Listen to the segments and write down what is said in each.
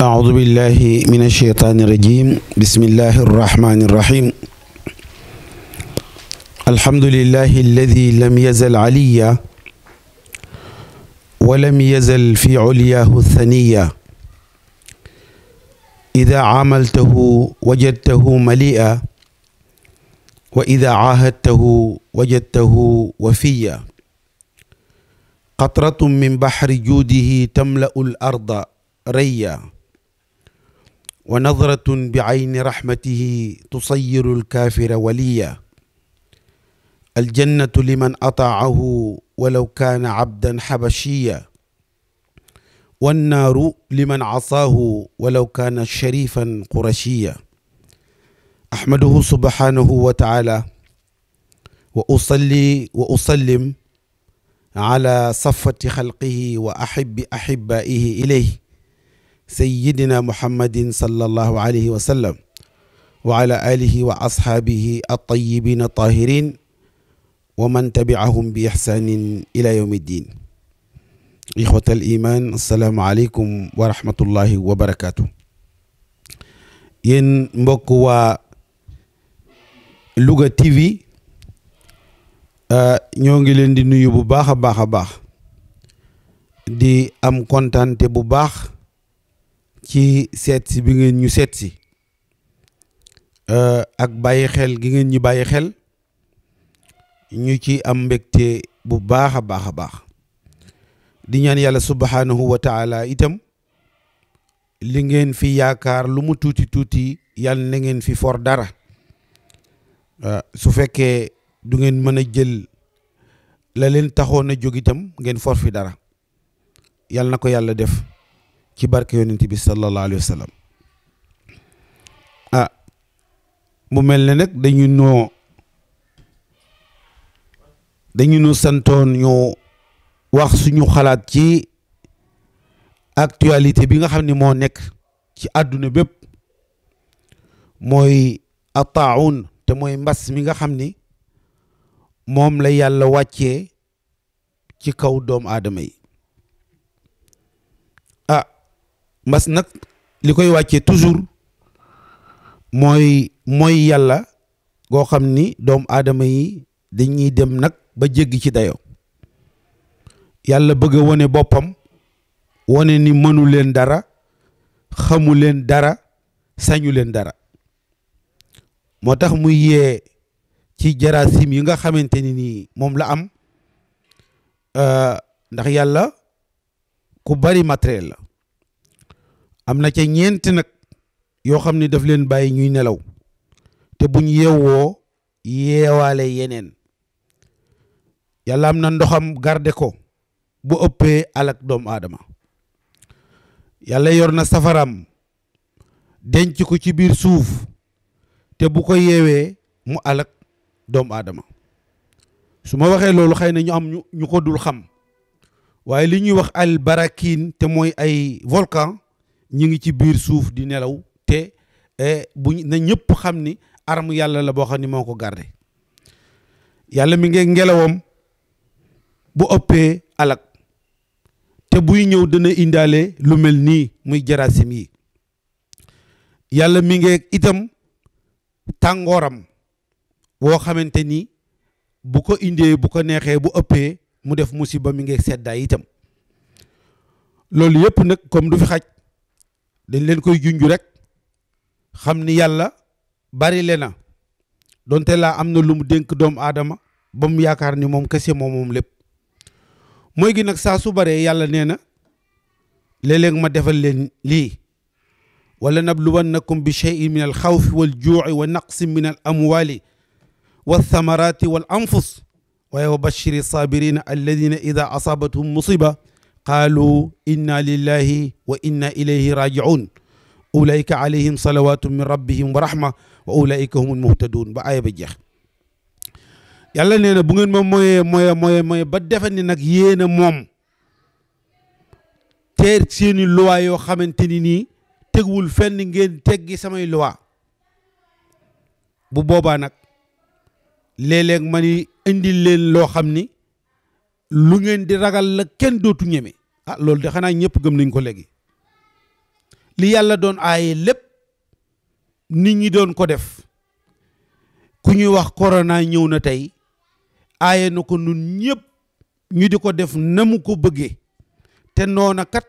أعوذ بالله من الشيطان الرجيم بسم الله الرحمن الرحيم الحمد لله الذي لم يزل عليا ولم يزل في علياه الثنية إذا عاملته وجدته مليئا وإذا عاهدته وجدته وفيا قطرة من بحر جوده تملأ الأرض ريا wa nadratun bi ayni raxmatihi tusayiru alkaafira waliya aljannatu liman ataahu walaw kaana cabdan xabashiya wannaaru liman casaahu walaw kaana sharifan qurashiya axmaduhu subhaanahu wa taala wa usalli wa usallim ala safati xalqihi wa axibbi axibbaaihi ilayh sayyidina muhammadin sallallahu alayhi wa sallam wa ala alihi wa ashaabihi at-tayyibin at-tahirin wa man tabi'ahum bi ihsanin ila yawmi ddin ixwata al iman assalaamu aleykum wa rahmatullahi wa barakaatu yéen mbokk waa Louga TV euh, ñoo ngi leen di nuyu bu baax a baax a baax di am kontaante bu baax ci seet bi ngeen ñu seet si euh, ak bàyyi xel gi ngeen ñu bàyyi xel ñu ci am mbégte bu baax a baax a baax di ñaan yàlla subhaanahu wa taala itam li ngeen fi yaakaar lu mu tuuti tuuti yàlla na ngeen fi for dara euh, su fekkee du ngeen mën a jël la leen taxoon a jóg itam ngeen for fi dara yàlla na ko yàlla def ci barke yonent bi sallallahu alayhi wa sallam ah mu mel ne nag dañu noo dañu nu santoon ñu wax suñu xalaat ci actualité bi nga xam ni moo nekk ci àdduna bépp mooy ataawun te mooy mbas mi nga xam ni moom la yàlla wàccee ci kaw doomu adama yi mbas nag li koy wàccee toujours mooy mooy yàlla goo xam ni doomu aadama yi dañuy dem nag ba jéggi ci dayoo yàlla bëgg a wone boppam wone ni mënu leen dara xamu leen dara sañu leen dara moo tax muy yee ci jaraasim yi nga xamante ni nii moom la am euh, ndax yàlla ku bari matériel la am na ca ñeenti nag yoo xam ne daf leen bàyyi ñuy nelaw te buñ yeewoo yeewaale yeneen yàlla am na ndoxam garde ko bu ëppee alak doomu aadama yàlla yor na safaraam denc ko ci biir suuf te bu ko yeewee mu alak doomu aadama su ma waxee loolu xëy na ñu am ñu ko dul xam waaye li ñuy wax al barakin te mooy ay volcan ñu ngi ci biir suuf di nelaw te e, bu na ñëpp xam ni arme yàlla la boo xam ni moo ko garde yàlla mi ngi ngelawam bu ëppee alak te buy ñëw dana indaale lu mel nii muy jarasim yi yàlla mi ngi itam tàngooram woo xamante ni bu ko indee bu ko neexee bu ëppee mu def mu si ba mi ngi seddaay itam loolu yëpp nag comme du fi xaj dañ leen koy junju rek xam ni yàlla bari le na donte am na lu mu dénk doomu aadama ba mu yaakaar ni moom kese moom moom lépp mooy gi nag saa su baree yàlla nee na léeg-léeg ma defal leen lii wala nabluwannakum bi cheyin min al xawfi wal juuci wa naqsi min al amwali wal thamarati wal anfus waaye wa bashiri sabirina alladina ida asaabathum musiba qaalu inna lillahi wa inna ilayhi rajiun ulaika alayhim salawatu min rabbihim wa rahma wa ulaika humul muhtadun ba aaya ba jeex yàlla nee na bu ngeen ma moyee moye moye moye ba defe nag yéen a moom teer seeni luwaa yoo xamante ni nii tegwul fenn ngeen teggi samay luwaa bu boobaa nag léeg-léeg ma ni indil leen loo xam ni lu ngeen di ragal la kenn dootu ñeme ah loolu de xanaa ñëpp gëm nañ ko léegi li yàlla doon aaye lépp nit ñi doon ko def ku ñuy wax korona ñëw na tey aaye na ko nun ñëpp ñu di ko def na mu ko bëggee te noona kat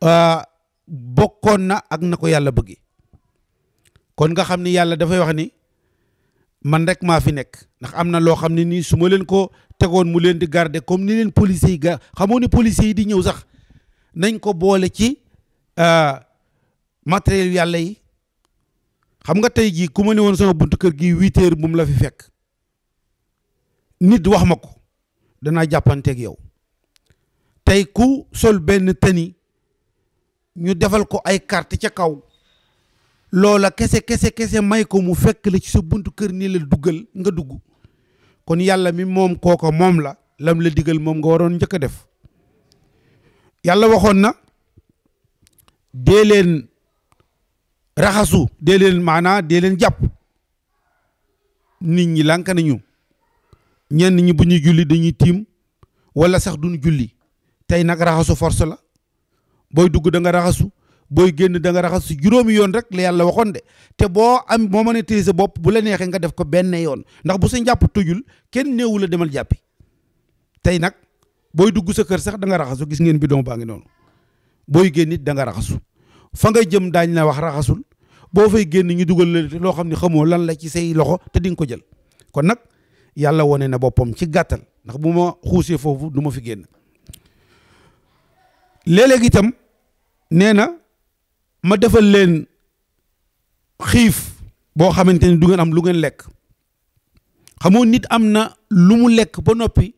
ah, bokkoon na ak na ko yàlla bëggee kon nga xam ni yàlla dafay wax ni man rek maa fi nekk ndax am na loo xam ne nii suma leen ko tegoon mu leen di garder comme ni leen policiers yi ga xamoo ne policiers yi di ñëw sax nañ ko boole ci euh, matériel yàlla yi xam nga tey jii ku ma ne woon sama buntu kër gi huit heures moom la fi fekk nit wax ma ko danaa jàppanteeg yow tey ku sol benn teni ñu defal ko ay carte ca kaw loola kese kese kese may ko mu fekk la ci sa buntu kër nii la duggal nga dugg kon yàlla mi moom kooko moom la lam la diggal moom nga waroon njëkk def yàlla waxoon na dee raxasu dee maanaa dee leen jàpp nit ñi lànk nañu ñenn ñi bu ñuy julli dañuy tiim wala sax duñu julli tey nag raxasu force la booy dugg danga raxasu booy génn da nga raxas su juróomi yoon rek la yàlla waxoon de te boo am boo mën a bopp bu la neexee nga def ko benn yoon ndax bu sa njàpp tujul kenn néewu la demal jàppi tey nag booy dugg sa kër sax da nga raxasu gis ngeen bidon baa ngi noonu booy génn danga da nga raxasu fa nga jëm daañ la wax raxasul boo fay génn ñu dugal loo xam ne xamoo lan la ci say loxo te di nga ko jël kon nag yàlla wone na boppam ci gàttal ndax bu ma xuusee foofu du fi génn léeg itam nee na ma defal leen xiif boo xamante ni du ngeen am lu ngeen lekk xamoo nit am na lu mu lekk ba noppi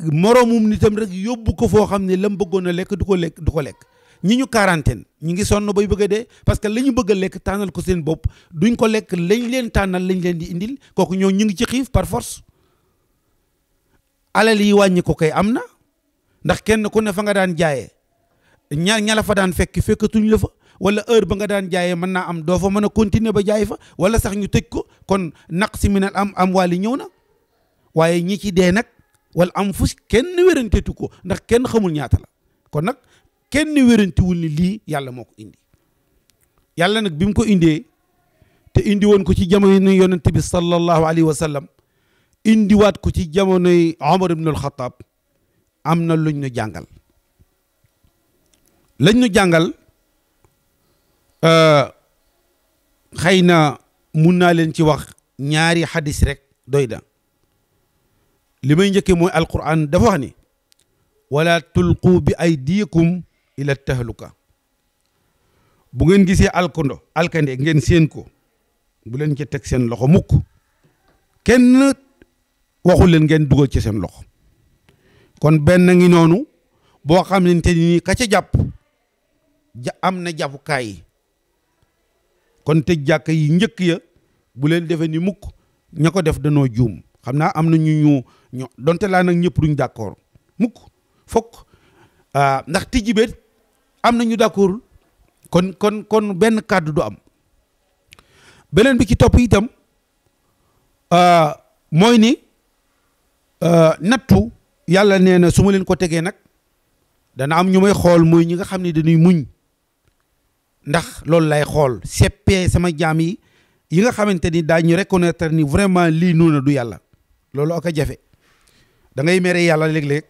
moroomum nitam rek yóbbu ko foo xam ne la mu bëggoon a lekk du ko lekk du ko lekk ñi ñu quarantaine ñi ngi sonn bay bëgg a dee parce que la ñu bëgg a lekk tànnal ko seen bopp duñ ko lekk lañ leen tànnal lañ leen di indil kooku ñoo ñu ngi ci xiif par force alal yi wàññi ko kay am na ndax kenn ku ne fa nga daan jaaye ña ña la fa daan fekk fekkatuñ la fa wala heure ba nga daan jaayee mën naa am doo fa mën a continuer ba jaay fa wala sax ñu tëj ko kon naq si minal am am waali ñëw na waaye ñi ci dee nag wala am fus kenn wérantetu ko ndax kenn xamul ñaata la kon nag kenn wérantewul ni lii yàlla moo ko indi yàlla nag bi mu ko indee te indi woon ko ci jamono yonente bi sallallahu alayhi wa sallam indiwaat ko ci jamonoy Omar ibn al-Khattab am na luñ nu jàngal lañ nu jàngal Euh, xëy na mun naa leen ci wax ñaari xadis rek doy na li may njëkkee mooy alquran dafa wax ni wala tulqu bi aydikum ila tahluka bu ngeen gisee alkondo alkande ngeen séen ko bu leen ci teg seen loxo mukk kenn waxu leen ngeen dugal ci seen loxo kon benn ngi noonu boo xam ne te ni ka ca jàpp ja am na jàppukaay kon te jàkka yi njëkk ya bu leen defee ni mukk ña ko def danoo juum xam naa am na ñu ñu ñu donte laa nag ñëpp duñ d'accord mukk fokk ah, ndax tijji beet am na ñu d'accordul kon kon kon benn kàddu du am beneen bi ci topp itam ah, mooy ni ah, nattu yàlla nee na su ma leen ko tegee nag dana am ñu may xool mooy ñi nga xam ne dañuy muñ ndax loolu lay xool seppee sama jaam yi yi nga xamante ni daa ñu reconnaître ni vraiment lii noon a du yàlla loolu ak a jafe da ngay mere yàlla léeg-léeg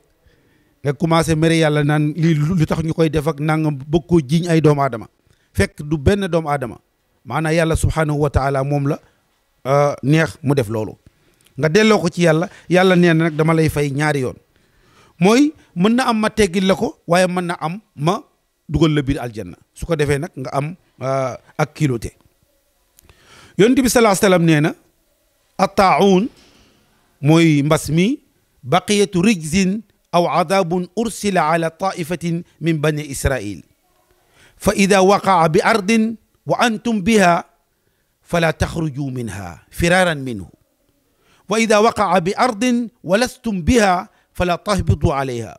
nga commencé mere yàlla naan lii lu tax ñu koy def ak nangam bëgg koo jiiñ ay doomu aadama fekk du benn doomu aadama maanaa yàlla subhanahu wa taala moom la euh, neex mu def loolu nga delloo ko ci yàlla yàlla nee na nag dama lay fay ñaari yoon mooy mën na am ma teggil la ko waaye mën na am ma dugal la biir aljanna su ko defee nag nga am euh, ak kiloote yonent bi salaa salaam nee na attaaun mooy mbas mi baqiyatu rijzin aw adabun ursila ala taifatin min bani israil fa ida waqaa bi ardin wa antum biha fala taxruju minha firaran minhu wa ida waqaa bi ardin wa lastum biha fala tahbitu alayha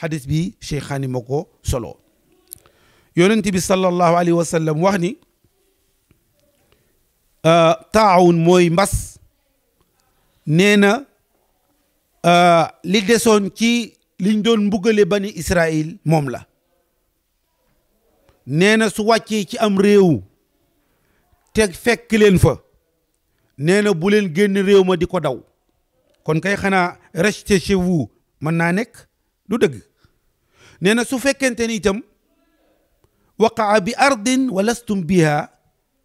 xadis bi cheikhaani moo ko solo yonent bi sallallahu alayhi wa sallam wax ni euh, taawun mooy mbas nee na euh, li desoon ci liñ doon mbugale bani Israil moom la nee na su wàccee ci am réew teg fekk leen fa nee na bu leen génn réew ma di ko daw kon kay xanaa restez chez vous mën naa nekk du dëgg nee na su fekkente ni itam waqaa bi ardin wa lastum biha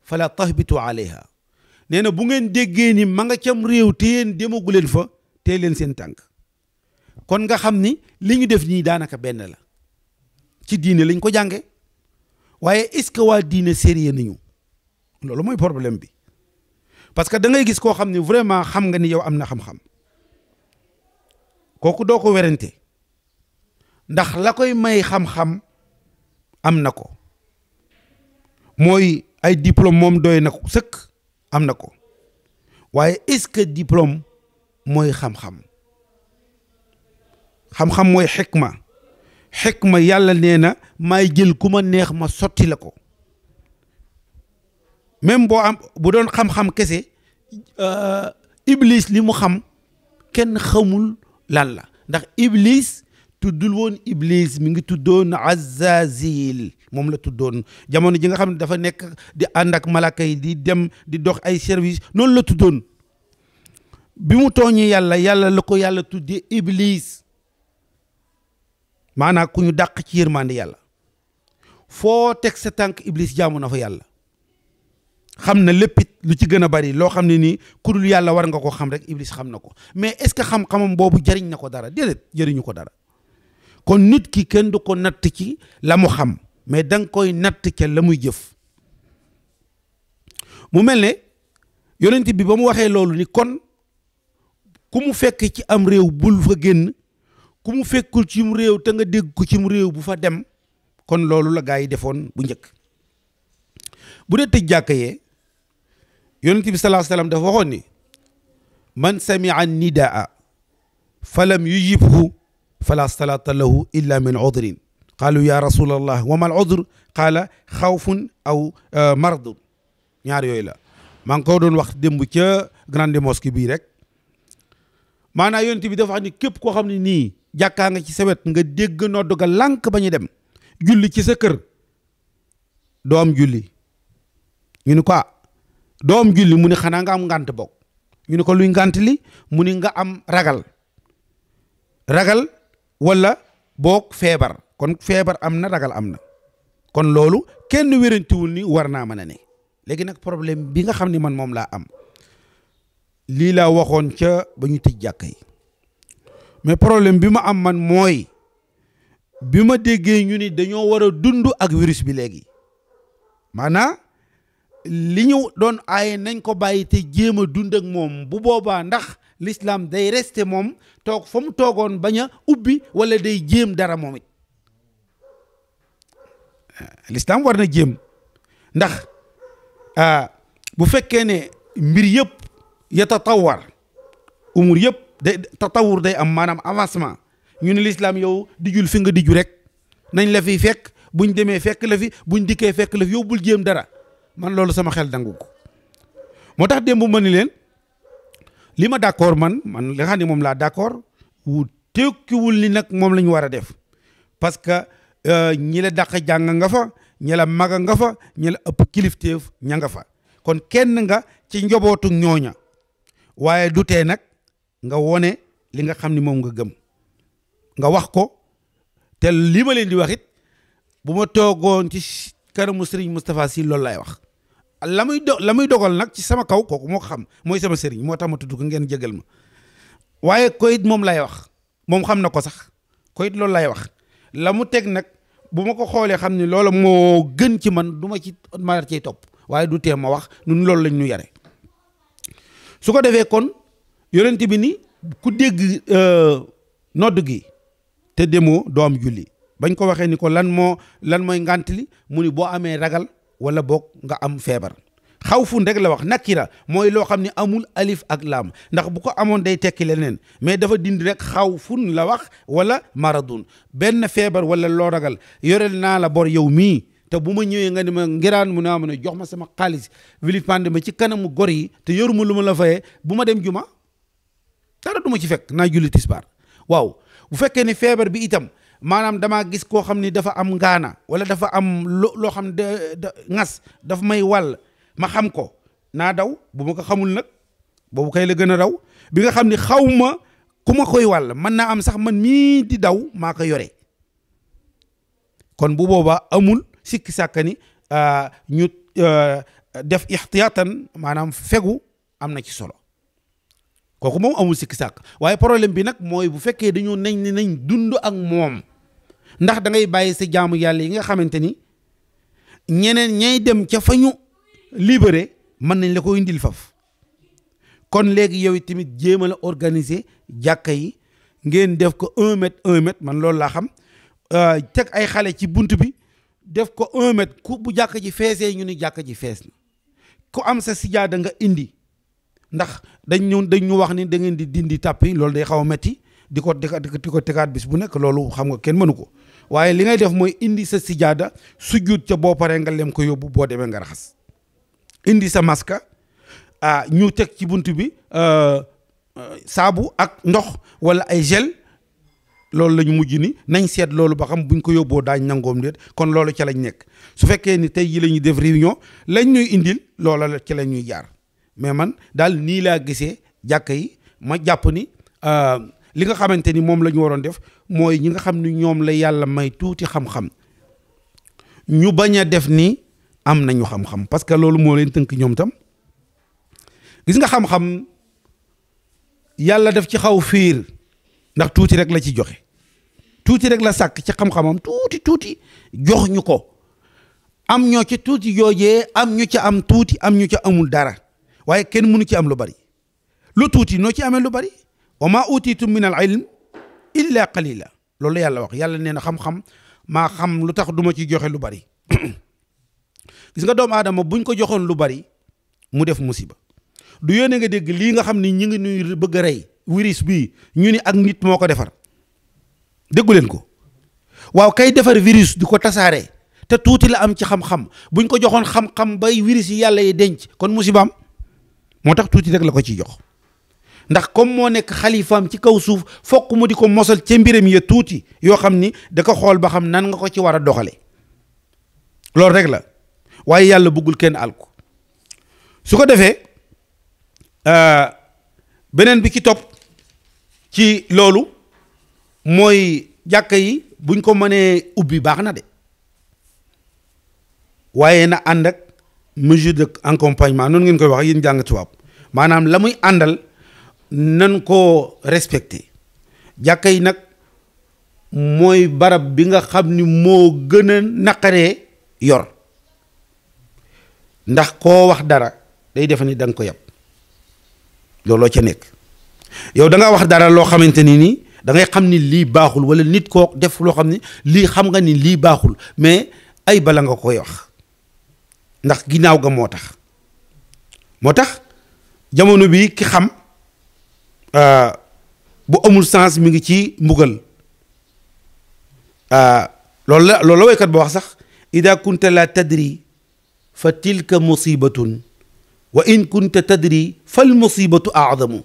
fala tahbitu aleyha nee na bu ngeen déggee ni ma nga cam réew te yéen demagu leen fa te leen seen tànk kon nga xam ni li ñu def nii daanaka benn la ci diine lañ ko jànge waaye est-ce que waa diine sérieux nañu loolu mooy problème bi parce que da ngay gis koo xam ne vraiment xam nga ni yow am na xam-xam kooku doo ko werante ndax la koy may xam-xam am na ko mooy ay diplôme moom doy na ko sëkk am na ko waaye est-ce que diplôme mooy xam-xam xam-xam mooy xikma xikma yàlla nee na maay jël ku ma neex ma sotti la ko même boo am bu doon xam-xam kese euh, iblis li mu xam kenn xamul lan la ndax iblis dul woon Iblis mi ngi tuddoon Azazil moom la tuddoon jamono ji nga xam ne dafa nekk di ànd ak malaka yi di dem di dox ay service noonu la tuddoon bi mu tooñee yàlla yàlla la ko yàlla tuddee Iblis maanaam ku ñu dàq ci yërmande yàlla foo teg sa tànk Iblis jaamu na fa yàlla xam na lépp it lu ci gën a bari loo xam ne ni ku dul yàlla war nga ko xam rek Iblis xam na ko mais est-ce que xam-xamam boobu jëriñ na ko dara déedéet jëriñu ko dara. kon nit ki kenn du ko natt ci la mu xam mais da koy natt ca la muy jëf mu mel ne yonent bi ba mu waxee loolu ni kon ku mu fekk ci am réew bul fa génn ku mu fekkul cim réew te nga dégg ko cim réew bu fa dem kon loolu la gaa yi defoon bu njëkk bu dee tëj jàkka yee yonent bi sallallahu alayhi wasallam waxoon ni man sami'a nidaa falam yu yujibhu fala salaata lahu illa min udrin qaalu ya rasul allah wa mal udr qaala xawfun aw marad ñaar yooyu la maa ngi ko doon wax démb ca grande mosquée bii rek maanaa yonent bi dafa wax ni képp koo xam ne nii jàkkaa nga ci sawet nga dégg nodd ga lànk ba ñu dem julli ci sa kër doo julli ñu ni ko ah, doo julli mu ni xanaa nga am ngànt bokk ñu ni ko luy ngànt li mu nga am ragal ragal wala boog feebar kon feebar am na ragal am na kon loolu kenn wérantiwul ni war naa ma a ne léegi nag problème bi nga xam ne man moom laa am lii laa waxoon ca ba ñu tëj jàkka yi mais problème bi ma am man mooy bi ma déggee ñu ni dañoo war a dund ak virus bi léegi maanaam li ñu doon aaye nañ ko bàyyi te jéem a dund ak moom bu boobaa ndax l'islam day resté moom toog fa mu toogoon bañ a ubbi wala day jéem dara moom it euh, l'islam war na jéem ndax euh, bu fekkee ne mbir yëpp ya tatawar umur yëpp day tatawur day am maanaam avancement ñu ne lislaam yow dijul fi nga diju rek nañ la fi fekk buñ demee fekk la fi buñ dikkee fekk la fi yow jéem dara man loolu sama xel dangu ko moo tax démb ma ni leen li ma d'accord man man li nga xam ne moom laa d'accord wu tekkiwul ni nag moom la war a def parce que euh, ñi la dàq jàng nga fa ñi la mag nga fa ñi la ëpp kilifteef ña nga fa kon kenn nga ci njobootu ñooña waaye du tee nag nga wone li nga xam ni moom nga gëm nga wax ko te li ma leen di wax it bu ma toogoon ci kanamu Serigne Moustapha Sy loolu laay wax la muy do la muy dogal nag ci sama kaw kooku moo xam mooy sama sëriñ moo tax ma tudd ko ngeen jégal ma waaye koyit moom lay wax moom xam na ko sax koyit loolu lay wax la mu teg nag bu ma ko xoolee xam ni loola gën ci man du ci ma ciy topp waaye du tee ma wax nun loolu lañ ñu yare su ko defee kon yonent bi ni ku dégg euh, nodd gi te demoo doo am julli bañ ko waxee ni ko lan moo lan mooy ngànt li mu ni boo amee ragal wala boog nga am feebar fun rek la wax nakira mooy loo xam ne amul alif ak laam ndax bu ko amoon day tekki leneen mais dafa dindi rek xawfun la wax wala maradon benn feebar wala loo ragal yoreel naa la bor yow mii te bu ma ñëwee nga ne ma ngiraan mu naa ah, ma ne jox ma sama xaalis vilipande ma ci kanamu gor yi te yoru ma lu ma la fayee bu ma dem juma dara du ci fekk naa julli tisbaar waaw bu fekkee ne feebar bi itam maanaam damaa gis koo xam ni dafa am ngaana wala dafa am lo loo xam ne da ngas daf may wal ma xam ko naa daw bu ma ko xamul nag boobu kay la gën a raw bi nga xam ni xaw ma ku ma koy wàll mën naa am sax man mii di daw maa ko yore kon bu boobaa amul sikki sàkka ni euh, ñu euh, def ixtiyaatan maanaam fegu am na ci solo kooku moom amul sikki sàkk waaye problème bi nag mooy bu fekkee dañoo nañ ne nañ dund ak moom ndax da ngay bàyyi sa jaamu yàlla yi nga xamante ni ñeneen ñay dem ca fa ñu libéré mën nañ la ko indil faf kon léegi yow tamit jéem a la organiser jàkka yi ngeen def ko un mètre man loolu laa xam euh, teg ay xale ci bunt bi def ko un mètre ku bu jàkka ji feesee ñu ni jàkka ji fees na ku am sa sijaada nga indi ndax dañ ñu dañ wax ni da ngeen di dindi tàppi loolu day xaw a metti di ko di ko tegaat bis bu nekk loolu xam nga kenn mënu ko waaye li ngay def mooy indi sa sijaada sujjuut ca boo paree nga lem ko yóbbu boo demee nga raxas indi sa maska ah ñu teg ci bunt bi euh, euh, saabu ak ndox wala ay gel loolu lañu mujj ni nañ seet loolu ba xam buñ ko yóbboo daañ nangoom déet kon loolu ca lañ nekk su fekkee ni tey yi la ñuy def réunion lañ ñuy indil loola la ci la ñuy jaar mais man daal nii laa gisee jàkka yi ma jàpp ni euh, li nga xamante ni moom la ñu waroon def mooy ñi nga xam ni ñoom la yàlla may tuuti xam-xam ñu bañ a def ni am nañu xam-xam parce que loolu moo leen tënk ñoom tam gis nga xam-xam yàlla def ci xaw fiir ndax tuuti rek la ci joxe tuuti rek la sàkk ci xam-xamam tuuti tuuti jox ko am ñoo ca tuuti joojee am ñu ca am tuuti am ñu ca amul dara waaye kenn mënu ci am lu bari lu tuuti noo ci amee lu bari wa maa utiitum min al ilm illa qalila loolu yàlla wax yàlla nee na xam-xam maa xam lu tax duma ma ci joxe lu bari gis nga doomu aadama buñ ko joxoon lu bari mu def musiba du yéene nga dégg lii nga xam ni ñu ngi nuy bëgg a rey virus bii ñu ni ak nit moo ko defar déggu leen ko waaw kay defar virus di ko tasaare te tuuti la am ci xam-xam buñ ko joxoon xam-xam bay wiris yi yàlla yi denc kon musibaam moo tax tuuti rek la ko ciy jox ndax comme moo nekk xalifaam ci kaw suuf fokk mu di ko mosal ci mbiram ya tuuti yoo xam ni da ko xool ba xam nan nga ko ci war a doxale loolu rek la waaye yàlla bëggul kenn alku su ko defee euh, beneen bi ci topp ci loolu mooy jàkka yi buñ ko mënee ubbi baax na de waaye na ànd ak mesure de accompagnement noonu ngeen koy wax yéen jàng tubaab maanaam la muy àndal nan koo respecté jàkka yi nag mooy barab bi nga xam ni moo gën a naqaree yor ndax koo wax dara day defe ni da ko yab looloo ca nekk yow da nga wax dara loo xamante ni nii dangay xam ni lii baaxul wala nit koo def loo xam ni lii xam nga ni lii baaxul mais ay bala nga koy wax ndax ginnaaw ga moo tax moo tax jamono bi ki xam Euh, bu amul sance mi ngi ci mbugal euh, loolu la loolu la woykat ba wax sax ida kunta la tadri fa tilka musibatun wa in kunta tadri fal musibatu aadamu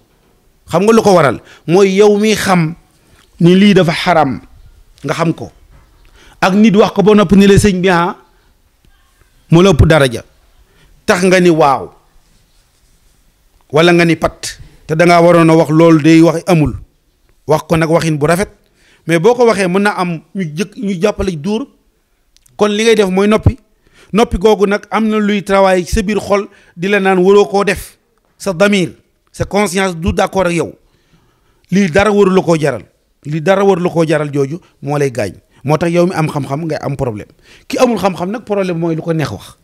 xam nga lu ko waral mooy yow mi xam ni lii dafa xaram nga xam ko ak nit wax ko ba noppi ni la sëñ bi ah mu la ëpp daraja tax nga ni waaw wala nga ni pat te da waroon a wax loolu day wax amul wax ko nag waxin bu rafet mais boo ko waxee mën na am ñu jëkk ñu jàppale duur kon li ngay def mooy noppi noppi googu nag am na luy travail sa biir xol di la naan waroo koo def sa damir sa conscience du d'accord ak yow lii dara waru la koo jaral lii dara waru la koo jaral jooju moo lay gaañ moo tax yow mi am xam-xam ngay am problème ki amul xam-xam nag problème mooy lu ko neex wax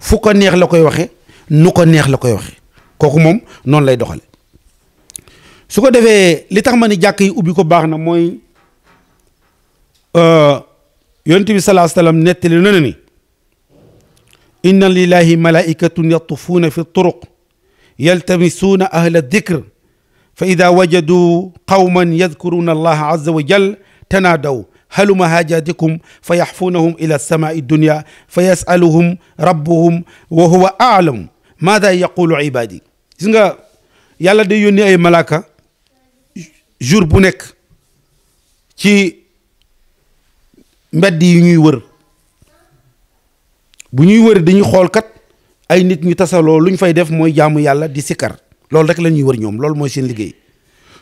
fu ko neex la koy waxee nu ko neex la koy waxee kooku moom noonu lay doxale su ko defee li tax ma ni jàkk yi ubbi ko baax na mooy euh, yonent bi salaa salaam nettali na ne ni inna lillahi malaikatun yatufuuna fi turuq yaltamisuuna ahla dikr fa ida wajadu qawman yadkuruuna allaha azza wa jal tanaadaw haluma haajatikum fa yaxfuunahum ila samaai dunia fa yasaluhum rabbuhum wa huwa aalamu maada yaqulu ibaadi gis nga yàlla day yónni ay malaaka jour bu nekk ci mbedd yi ñuy wër bu ñuy wër dañuy xool kat ay nit ñu tasaloo lu ñu fay def mooy jaamu yàlla di sikkar loolu rek la ñuy wër ñoom loolu mooy seen liggéey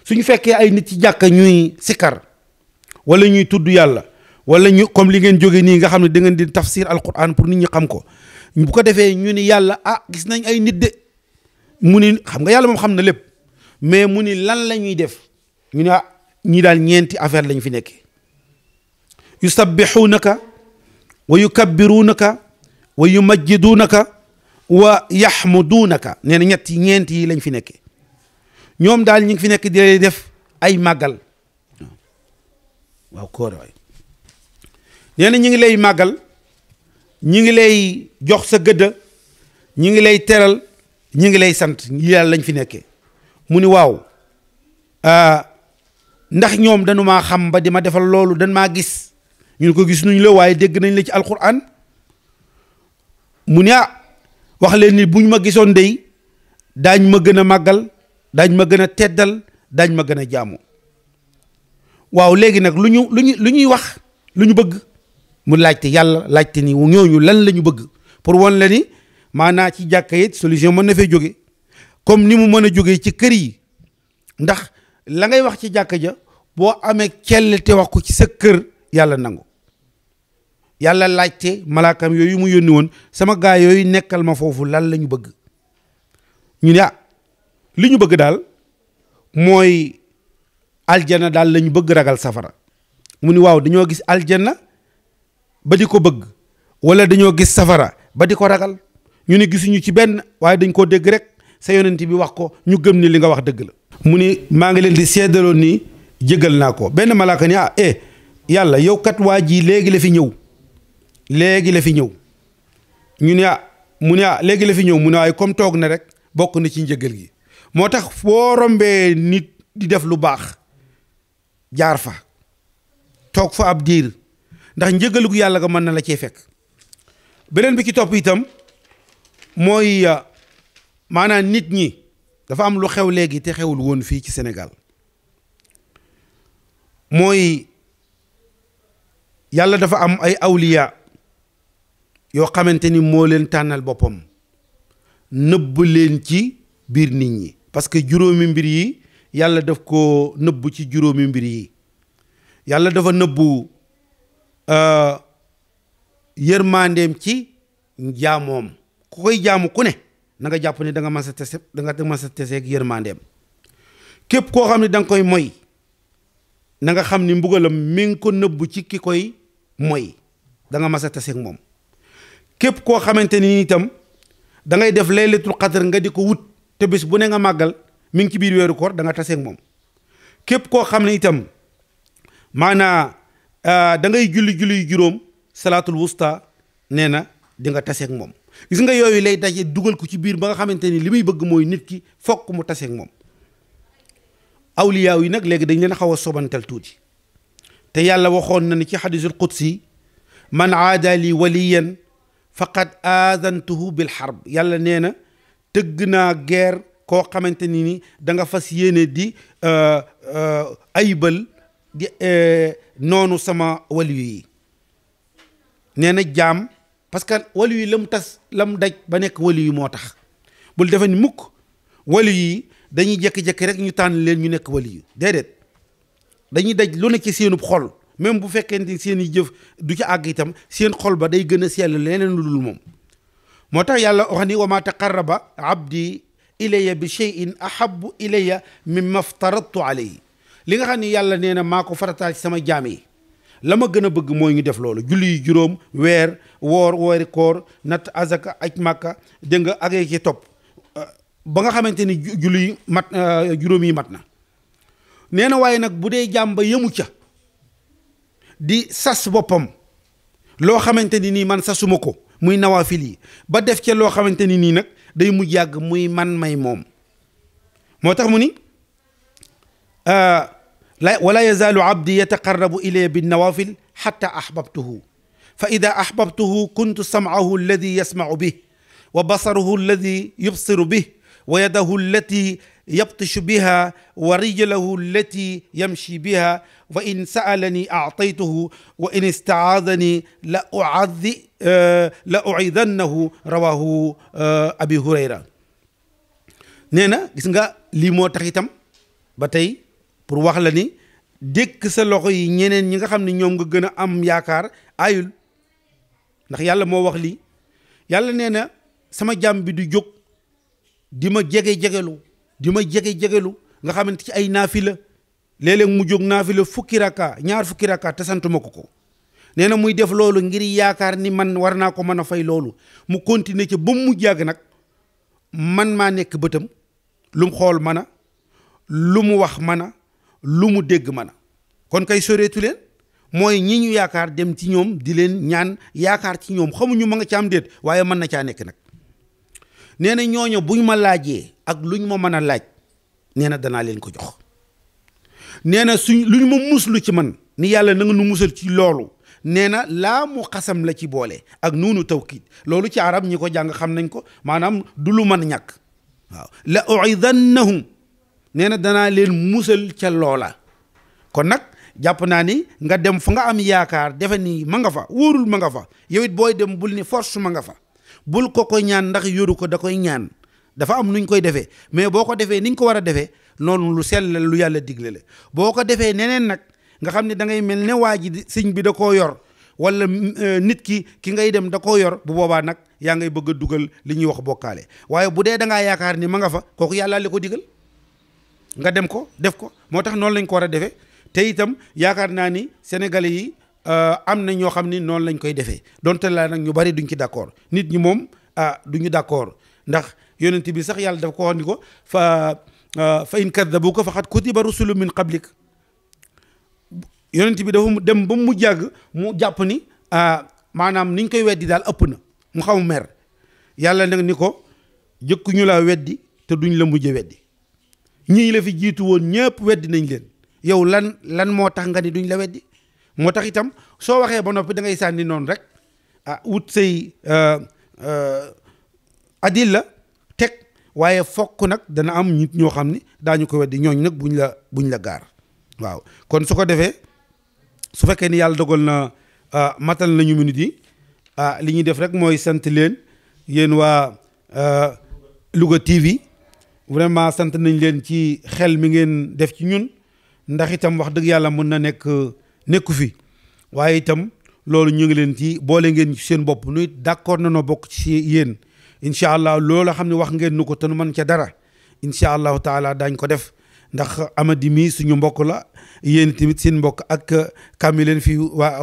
su ñu fekkee ay nit ci jàkka ñuy sikkar wala ñuy tudd yàlla wala ñu comme li ngeen jóge nii nga xam ne da ngeen di tafsir alquran pour nit ñi xam ko bu ko defee ñu ni yàlla ah gis nañ ay nit de mu ni xam nga yàlla moom xam na lépp mais mu ni lan lañuy def ñu ne ah, ñii daal ñeenti affaire lañu fi nekkee yusabbixuunaka wa yukabbiruunaka wa yumajjiduunaka wa yaxmuduunaka nee na ñetti ñeent yi lañ fi nekkee ñoom daal ñu ngi fi nekk di def ay màggal waaw nee na ñu ngi lay màggal ñu ngi lay jox sa gëdda ñu ngi lay teral ñu ngi lay sant yàlla lañ fi nekkee mu ni waaw ah, ndax ñoom dañu maa xam ba di ma defal loolu dañ maa gis ñu ko gis nuñ la waaye dégg nañ la ci alquran mu ne ah, wax leen ni buñ ma gisoon dey daañ ma gën a màggal daañ ma gën a teddal daañ ma gën a jaamu waaw léegi nag lu ñu lu ñuy wax lu ñu bëgg mu laajte yàlla laajte ni ñooñu lan la bëgg pour won la ni maanaa ci jàkka yit solution mën na fee jóge comme ni mu mën a jógee ci kër yi ndax la ngay wax ci jàkk ja boo amee kell te wax ko ci sa kër yàlla nangu yàlla laajte malaakam yooyu mu yónni woon sama gaa yooyu nekkal ma foofu lan lañu bëgg ñu ne ah li ñu bëgg daal mooy aljana daal lañu bëgg ragal safara mu ni waaw dañoo gis aljana ba di ko bëgg wala dañoo gis safara ba di ko ragal ñu ne gisuñu ci benn waaye dañ koo dégg rek sa yonent bi wax ko ñu gëm nii li nga wax dëgg la mu ni maa ngi leen di seedaloon nii jëgal naa ko benn malaaka ni ah eh, yàlla yow kat waa ji léegi la fi ñëw léegi la fi ñëw ñu ne ah mu ne ah léegi la fi ñëw mu ne waaye comme toog na rek bokk na ci njëgal gi moo tax foo rombee nit di def lu baax jaar fa toog fa ab diir ndax njëgalu yàlla ga mën na la cee fekk beneen bi ci topp itam mooy maanaam nit ñi dafa am lu xew léegi te xewul woon fii ci senegal mooy yàlla dafa am ay awliya yoo xamante ni moo leen tànnal boppam nëbb leen ci biir nit ñi parce que juróomi mbir yi yàlla daf ko nëbb ci juróomi mbir yi yàlla dafa nëbbu euh, yërmandeem ci njaamoom ku koy jaamu ku ne nanga jàpp ni da nga mën sa tese da nga mën sa tese képp koo xam ne danga koy moy na nga xam ni mbugalam mi ngi ko nëbbu ci ki koy moy danga nga mën sa moom képp koo xamante ni itam da def laylatul qadr nga di ko wut te bu ne nga màggal mi ngi ci biir weeru koor da nga tase moom képp koo xam ne itam maanaa ah, da ngay julli julli juróom salaatul wusta nee na di nga tase moom gis nga yooyu lay daje dugal ko ci biir ba nga xamante ni li muy bëgg mooy nit ki fokk mu taseeg moom awliyaaw yi nag léegi dañ leen xaw a sobantal tuuti te yàlla waxoon na ni ci xadisul qudsi man aada li waliyan faqad aadantuhu bil xarb yàlla nee na tëgg naa guerre koo xamante ni ni da fas yéene di euh, euh, ayibal di euh, noonu sama waliyu yi nee jaam parce que wali yi lam tas lam daj ba nekk wali yi moo tax bul defe ni mukk wali yi dañuy jékki-jékki rek ñu tànn leen ñu nekk wali yi déedéet dañuy daj lu ne seenub xol même bu fekkente seen yi jëf du ci àgg itam seen xol ba day gën a sell leneen lu dul moom moo tax yàlla wax ni wa ma taqarraba abdi ilayya bi cheyin ahabu ilayya mimma aftaradtu yi li nga xam ni yàlla nee na maa ko farataal sama jaam yi la ma gën a bëgg mooy ngi def loolu julli juróom weer woor woori koor natt azaka aj màkka dégg nga ak yi ci topp euh, ba nga xamante ni julli mat euh, juróom mat na nee na waaye nag bu dee jàmba ba ca di sas boppam loo xamante ni nii man sasuma ko muy nawaafil yi ba def ca loo xamante ni nii nag day mujj yàgg muy man may moom moo tax mu ni euh, la wala yazaalu abdi yataqarrabu ilayya binnawaafil xatta ahbabtuhu fa ida ahbabtuhu kuntu samcahu alladi yasmacu bih wa basaruhu alladi yubsiru bih wa yadahu allati yabtishu biha wa rijlahu allati yamshi biha wa in sa'alani actaytuhu wa in istacaadani la ucadi eh, la ucidannahu rawahu eh, abi hurayra nee na gis nga lii moo tax itam ba tey pour wax la ni dékk sa loxo yi ñeneen ñi nga xam ne ñoom nga gën a am yaakaar ayul ndax yàlla moo wax lii yàlla nee na sama jàmm bi du jóg di ma jege jegelu di ma jege jegelu nga xamante ci ay naafila léeg-léeg mu jóg naafila fukki rakka ñaar fukki rakka te santuma ko ko nee na muy def loolu ngir yaakaar ni man war naa ko mën a fay loolu mu continuer ci ba mu jàgg nag man maa nekk bëtam lu xool man a lu mu wax man a lu mu dégg mën a kon kay soreetu mooy ñi ñu yaakaar dem ci ñoom di leen ñaan yaakaar ci ñoom xamuñu ma nga ca am déet waaye mën na caa nekk nag nee na ñooñu buñ ma laajee ak luñ ma mën a laaj nee na danaa leen ko jox nee na suñ luñ ma muslu ci man ni yàlla na nga nu musal ci loolu nee na laa mu xasam la ci boole ak nuunu tawkiid loolu ci arab ñi ko jàng xam nañ ko maanaam du lu mën ñàkk waaw la uidannahum nee na danaa leen musal ca loola kon nag jàpp naa ni nga dem fa nga am yaakaar defe ni ma nga fa wóorul ma nga fa yow it booy dem bul ni force ma nga fa bul ko ko ñaan ndax yoru ko da koy ñaan dafa am nuñ koy defee mais boo ko defee ni ñu ko war a defee noonu lu sell la lu yàlla digle la boo ko defee neneen nag nga xam ne da ngay mel ne waa ji sëñ bi da koo yor wala euh, nit ki ki ngay dem da koo yor bu boobaa nag yaa ngay bëgg dugal li ñuy wax bokkaale waaye bu dee da ngaa yaakaar ni ma nga fa kooku yàlla li ko digal nga dem ko def ko moo tax noonu lañ ko war a defee te itam yaakaar naa ni sénégalais yi euh, am na ñoo xam ni noonu lañ koy defee donte laa nag ñu bari duñ ci d'accord nit ñi moom ah du ñu d'accord ndax yonent bi sax yàlla dafa ko wax ni ko fa euh, fa in kaddabuka faqad baru rusulu min qablik yonent bi dafa dem ba mu jàgg mu jàpp ni ah, maanaam niñ koy weddi daal ëpp na mu xamu mer yàlla nag ni ko jëkkuñu laa weddi te duñ la mujje weddi ñii la fi jiitu woon ñëpp weddi nañ leen yow lan lan moo tax nga ni duñ la weddi moo tax itam soo waxee ba noppi da ngay sànni noonu rek ah, wut say euh, euh, adil la teg waaye fokk nag dana am nit ñoo xam ni daañu ko weddi ñooñ nag buñ la buñ la gaar waaw kon su ko defee su fekkee ni yàlla dogal na euh, matal nañu minutes yi ah li ñuy def rek mooy sant leen yéen waa Louga TV vraiment sant nañ leen ci xel mi ngeen def ci ñun ndax itam wax dëgg yàlla mën na nekk nekku fi waaye itam loolu ñu ngi leen ci boole ngeen ci seen bopp nuy d'accord na noo bokk ci yéen incha allah loolu xam ne wax ngeen nu ko te nu mën ca dara incha allahu taala daañ ko def ndax amadi mii suñu mbokk la yéen tamit seen mbokk ak kami leen fi waa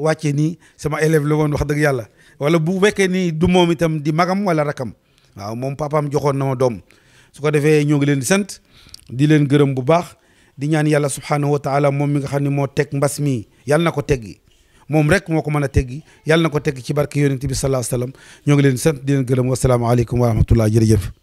wàcce nii sama élève la woon wax dëgg yàlla wala bu wekkee ni du moom itam di magam wala rakam waaw moom papaam joxoon na doom su ko defee ñoo ngi leen di di leen gërëm bu baax di ñaan yàlla subhaanahu wa taala moom mi nga xam ne moo teg mbas mi yàlla na ko teggi moom rek moo ko mën a teggi yàlla na ko teggi ci barke yonent bi sallallahu alayhi wa sallam ñoo ngi leen di sant di leen gërëm wasalaamaaleykum wa rahmatullah jërëjëf